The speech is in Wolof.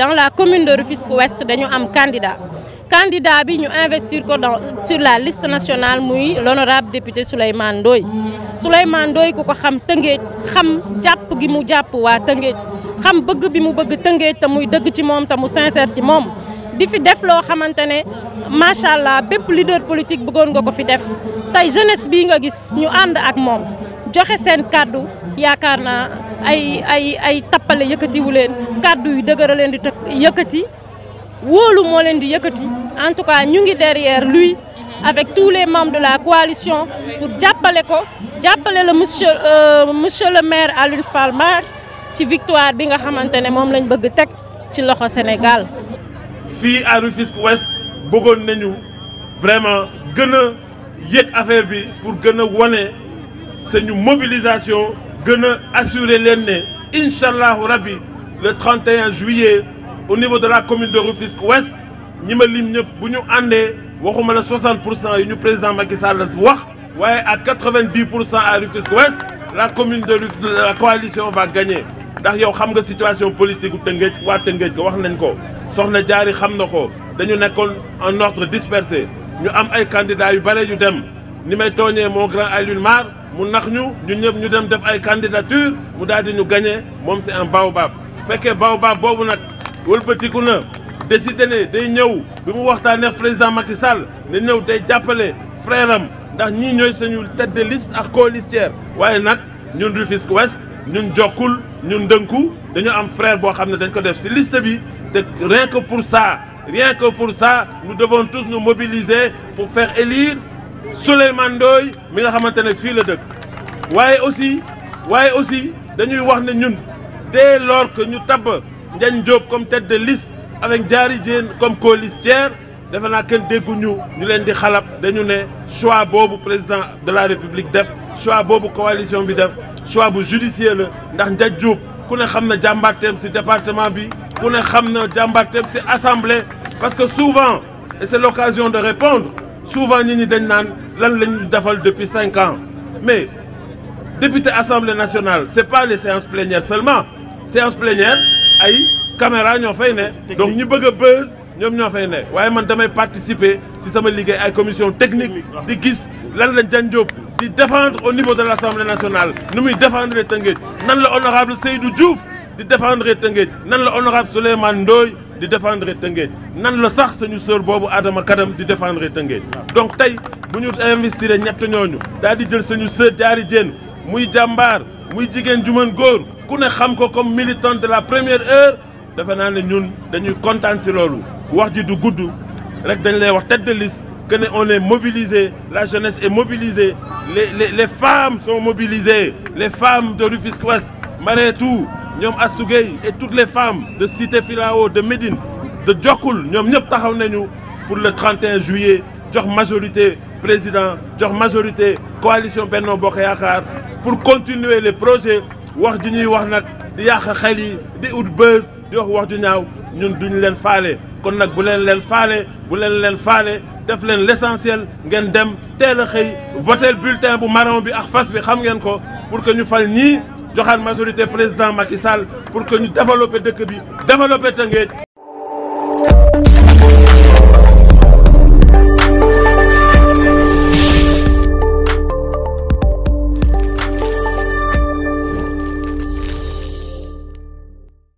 dans la commune de Rufisque Ouest dañu am candidat candidat bi ñu investir ko dans sur la liste nationale muy l'honorable député Souleymane Doy. Souleymane Doy ku ko xam ham xam gimu gi mu jàpp waa Tëngéej xam bëgg bi mu bëgg Tëngéej te muy dëgg ci moom te mu sincère ci di fi def leader politique bëggoon nga ko fi def tey jeunesse bii nga gis ñu ànd ak mom joxe seen kàddu yaakaar naa ay ay tapale tappale yëkkatiwu kàddu yu dëgër a leen di tëkk de wóolu di en tout cas ñu ngi derrière lui avec tous les membres de la coalition pour jàppale ko jàppale la monsieur euh, monsieur le maire Alioune Fall Mar ci victoire bi nga xamante ne moom lañ bëgg teg ci loxo Sénégal. fii à Rufisque West, bëggoon nañu vraiment gën a yëg bi pour gën a wane une mobilisation gën assurer leen ne Inshallah, allahu rabbi le 31 juillet au niveau de la commune de Rufisque Ouest ñi ma lim ñëpp bu ñu àndee waxuma la 60 pour cent ñu président Macky Sall la wax waaye à 90 à Rufisque Ouest la commune de la coalition va gagner ndax yow xam nga situation politique u Tëngéej waa Tëngéej ko wax nañ ko soxna jaari xam na ko dañu nekkoon en ordre dispersé ñu am ay candidats yu bare yu dem ni may tooñee mon grand Alioune Mar mu nax ñu ñun ñëpp ñu dem def ay candidature mu daal di ñu gagné moom c'est un baobab fekkee baobab boobu nag décidé né, day président Macky Sall frère ndax ñi ñoy tête de liste ak colistière wayé nak ñun Rufisque Ouest ñun jokul ñun dañu am frère liste bi rien que pour ça rien que pour ça nous devons tous nous mobiliser pour faire élire Souleymane Ndoye mi nga xamanté aussi aussi dañuy wax dès lors que nous tapons comme tête de liste avec Diary comme colistière nous avons Nous nous avons di choix président de la république le choix coalition le choix la ndax nous Diop département nous ku assemblée parce que souvent et c'est l'occasion de répondre souvent nous nous depuis cinq ans mais député assemblée nationale c'est pas les séances plénières seulement séance plénière ay caméra ñoo fay né donc ñu bëgg a buzz ñoom ñoo fay né waye man damay participer si sama ligue ay commission technique di gis lan lañ Diagne job di défendre au niveau de l'Assemblée nationale nous muy défendre Tëngéej nan la honorable Seydou Diouf di défendre Tëngéej nan la honorable Souleymane Ndoye di défendre Tëngéej nan la sax suñu sœur bobu Adama Kadam di défendre Tëngéej donc tay buñu ñu investir ñett ñooñu daal di jël suñu sœur Diary Diène muy jambar nous avons ju mën comme militant de la première heure Nous sommes contents de dañuy Nous sommes loolu wax du gudd rek tête de liste on est mobilisé la jeunesse est mobilisée les les les femmes sont mobilisées les femmes de Rufisque Ouest Marietou et toutes les femmes de Cité Filao de Médine de Diokoul nous tous taxaw pour le 31 juillet jox majorité président jox majorité coalition Benno Boréakar pour continuer les projets wax ju wax nak di yàq xel di ut bës di wax wax ju ñaaw ñun duñ leen faalé kon nak bu leen leen faalé bu leen leen faalé def leen l'essentiel ngeen dem teel a voter bulletin bu marron bi ak fas bi xam ngeen ko pour que ñu fal ñii joxaat majorité président Macky Sall pour que ñu développer dëkk bi développer Tëngéej